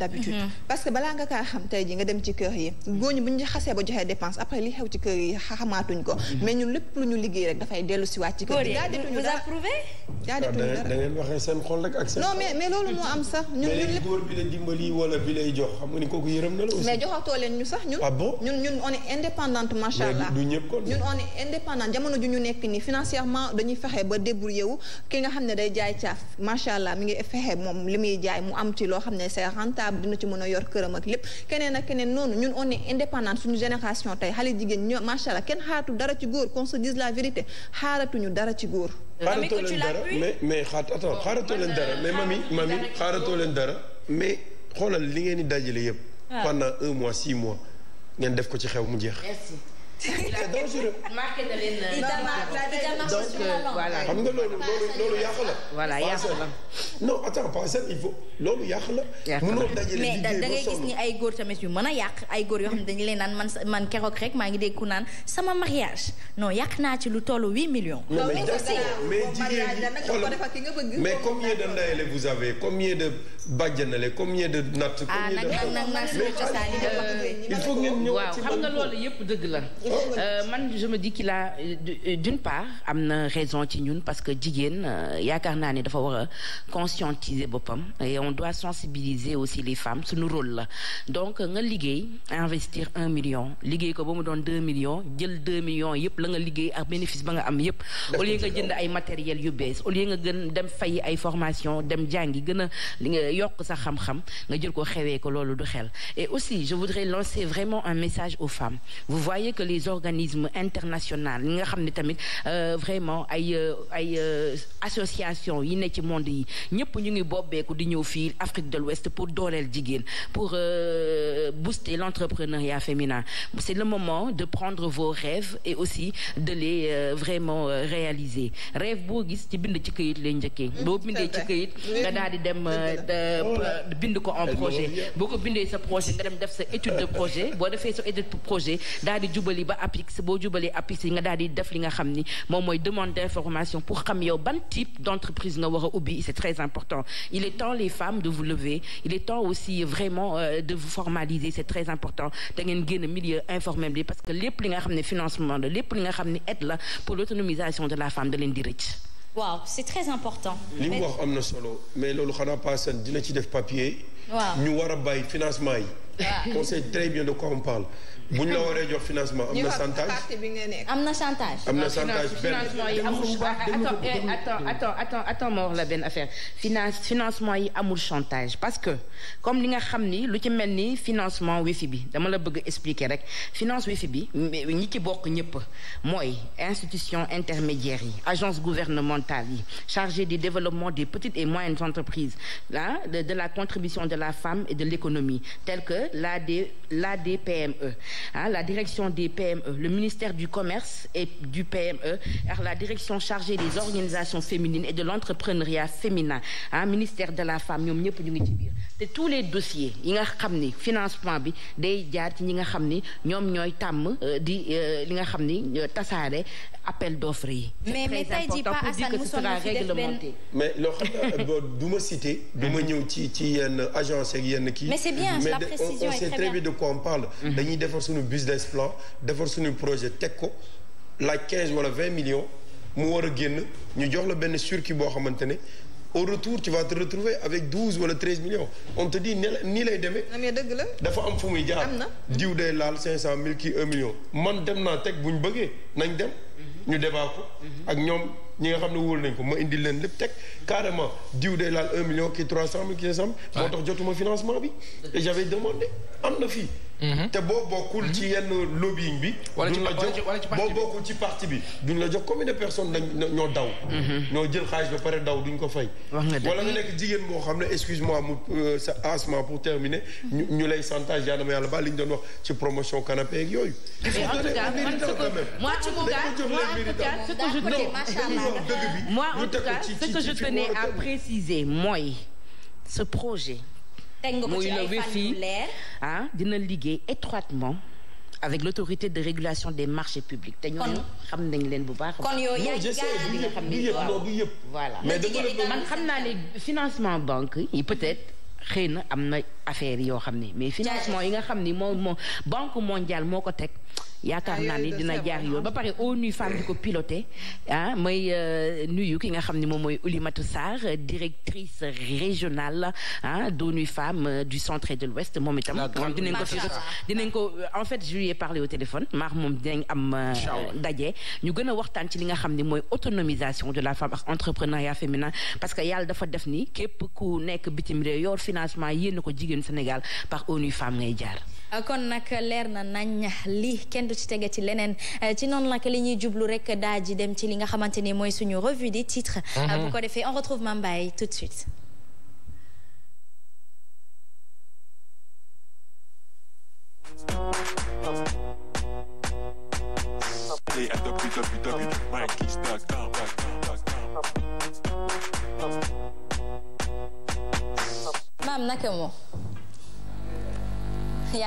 d'habitude mhm. parce que balaa nga kaa xam tey ji nga dem ci kër yi góor bu ñu xasee ba joxee dépense après li xew ci kër yi xamaatuñ ko mhm. mais ñun lépp lu ñu liggéey rek dafay dellu si waat ci kër yi vous approuvez jaadetuñu ah, dara da loolu moo am sax ñun ñun lépp góor bi bi lay jox mais joxatoo leen ñu sax ñun ah ñun ñun indépendante macha du ñëpp kon ñun on indépendante jamono ju ñu nekk nii financièrement dañuy fexe ba débrouillé wu ki nga xam ne day jaay caaf macha allah mi ngi fexe moom li muy jaay mu am ci loo xam ne c'est rentable stable dina ci mën a yor këram ak lépp keneen ak keneen noonu ñun on est indépendant suñu génération tey xale jigéen ñoo macha allah kenn xaaratu dara ci góor qu'on se dise la vérité xaaratuñu dara ci góor. xaaratoo leen dara mais mais attends xaaratoo leen dara mais mami mami xaaratoo leen dara mais xoolal li ngeen di dajale yëpp. Ah. pendant un mois six mois ngeen def ko ci xew mu jeex. marqué na xam nga loolu loolu loolu yàq non attends parcelle il faut loolu yàq la. mënoo dajale ay góor tamit yu mën a yàq ay góor yoo xam ne naan man man keroog rek maa ngi dégg ku naan sama mariage non yàq naa ci lu tollu huit millions. non mais jigéen ñi mais combien de ndeyale vous avez ah, yëpp euh, dëgg la. Oh, euh, man je me dis qu'il a d'une part am na raison ci ñun parce que jigéen euh, yaakaar naa ne dafa war a conscientiser boppam et on doit sensibiliser aussi les femmes suñu rôle la donc nga liggéey investir un million liggéey ko ba mu doon deux millions jël deux millions yëpp la nga liggéey ak bénéfice ba nga am yëpp au lieu nga jënd ay matériel yu bees au lieu nga gën dem fay ay formation dem jàngi gën a yokk sa xam-xam nga jël ko xewee ko loolu du xel et aussi je voudrais lancer vraiment un message aux femmes vous voyez que les organismes internationaux ñi ñëpp ñu ngi bobbeeku di ñëw fii Afrique de l'Ouest pour dooleel jigéen pour euh, booster l'entrepreneuriat féminin c'est le moment de prendre vos rêves et aussi de les euh, vraiment euh, réaliser rêve boo gis ci bind ci këyit le njëkkee boo bindee ci këyit nga daal di dem oh bind ko en projet boo ko bindee sa projet nga dem def sa étude de projet boo defee sa étude de projet daal di jubali ba applique boo jubalee applique nga daal di def li nga xam ni moom mooy demande d'information pour xam yow ban type d'entreprise nga war important il est temps les femmes de vous lever il est temps aussi vraiment euh, de vous formaliser c'est très important da ngeen génn milieu informel parce que lépp li nga xam financement la lépp li nga aide la pour l'autonomisation de la femme da leen c'est très important. li mu wax am solo mais loolu xanaa pas dina ci def papier. waaw ñu war financement yi. on sait très bien de quoi on parle bu ñu la waree am na chantage am na chantage. am na chantage benn eh, la benn affaire finance financement yi amul chantage parce que comme li nga xam ni lu ci mel ni financement wifi bi dama la bëgg expliquer rek finance wifi bi ñi ci bokk ñëpp mooy institution intermédiaire yi agence gouvernementale yi chargée du développement des petites et moyennes entreprises là de la contribution de la femme et de l'économie telle que la l'ADPME, hein, la direction des PME, le ministère du Commerce et du PME, la direction chargée des organisations féminines et de l'entrepreneuriat féminin, hein, ministère de la femme ñoom ñëpp ñu ngi ci biir tous les dossiers yi nga xam ni financement bi day jaar ci ñi nga xam ni ñoom ñooy tàmm euh, di euh, li nga xam ni tasaare appel d'offres yi. mais mais tey jii pas Assane mu mais loo xam du ma cité. du ma ñëw ci ci yenn agence ak yenn kii. mais c'est bien la on sait très de quoi mhm. dañuy defar suñu business plan defar suñu projet teg ko laaj quinze wala vingt millions mu war a génn ñu jox la benn circuit boo xamante ne au retour tu vas te retrouver avec douze wala treize millions on te dit nii lay demee. mais dëgg la. dafa am fu muy jaar am na. Mhm. diw day laal cinq cent mille kii un million. man dem naa teg bu ñu bëggee nañ dem. Mhm. ñu débat ko. ak ñoom. ñi nga xam ne wóolu nañ ko ma indi leen lépp teg carrément diw day laal un million kii trois cent mille kii cinq jotuma financement bi et j'avais am na fi Mm-hmm. te boo bokkul ci mm-hmm. yenn lobbying bi. wala ci wala ci parti bi duñ ci parti bi duñ la jox combien de personnes lañ ñoo daw. Mm-hmm. ñoo jël xaalis ba pare daw duñ ko fay. wax nga wala nga nekk jigéen boo xam ne excuse moi mu euh, sa asma pour terminer. ñu ñu lay chantage yaa dama yàlla ba li ñu doon wax ci promotion canapé ak yooyu. en man ce que moi en tout cas moi en tout cas ce que je tenais à préciser mooy ce projet. teg nga ko ci ay fan yu leer ah dina liggéey étroitement avec l'autorité de régulation des marchés publics. te ñooñu xam nañ leen bu baax. kon yooyu yaa ngi gaal nga xam ne voilà. mais xam naa ne financement banque yi peut-être. xëy na am na affaire yoo xam ne mais financement yi nga xam ni moom moo Banque mondiale moo ko teg yaakaar naa ni dina jaar yoon ba pare ONU Femmes di ko piloté ah mooy euh, nuyu ki nga xam ni moom mooy Oulimatou Sarr directrice régionale ah d'ONU Femmes euh, du centre et de l'ouest moom itam dinañ ko dinañ ko en fait je lui ai parlé au téléphone maax moom dinañ am euh, daje ñu gën a waxtaan ci li nga xam ni mooy autonomisation de la femme ak entrepreneuriat féminin parce que yàlla dafa def nii képp ku nekk bitim réew yor financement yéen ko jigéen Sénégal par ONU Femmes ngay jaar Euh, kon nag leer na nañ li kenn du ci tege ci leneen euh, ci noon nag li ñuy jublu rek daa ji dem ci li nga xamante ni mooy suñu revue des titres euh, mhm. bu ko defee on retrouve Mame tout de suite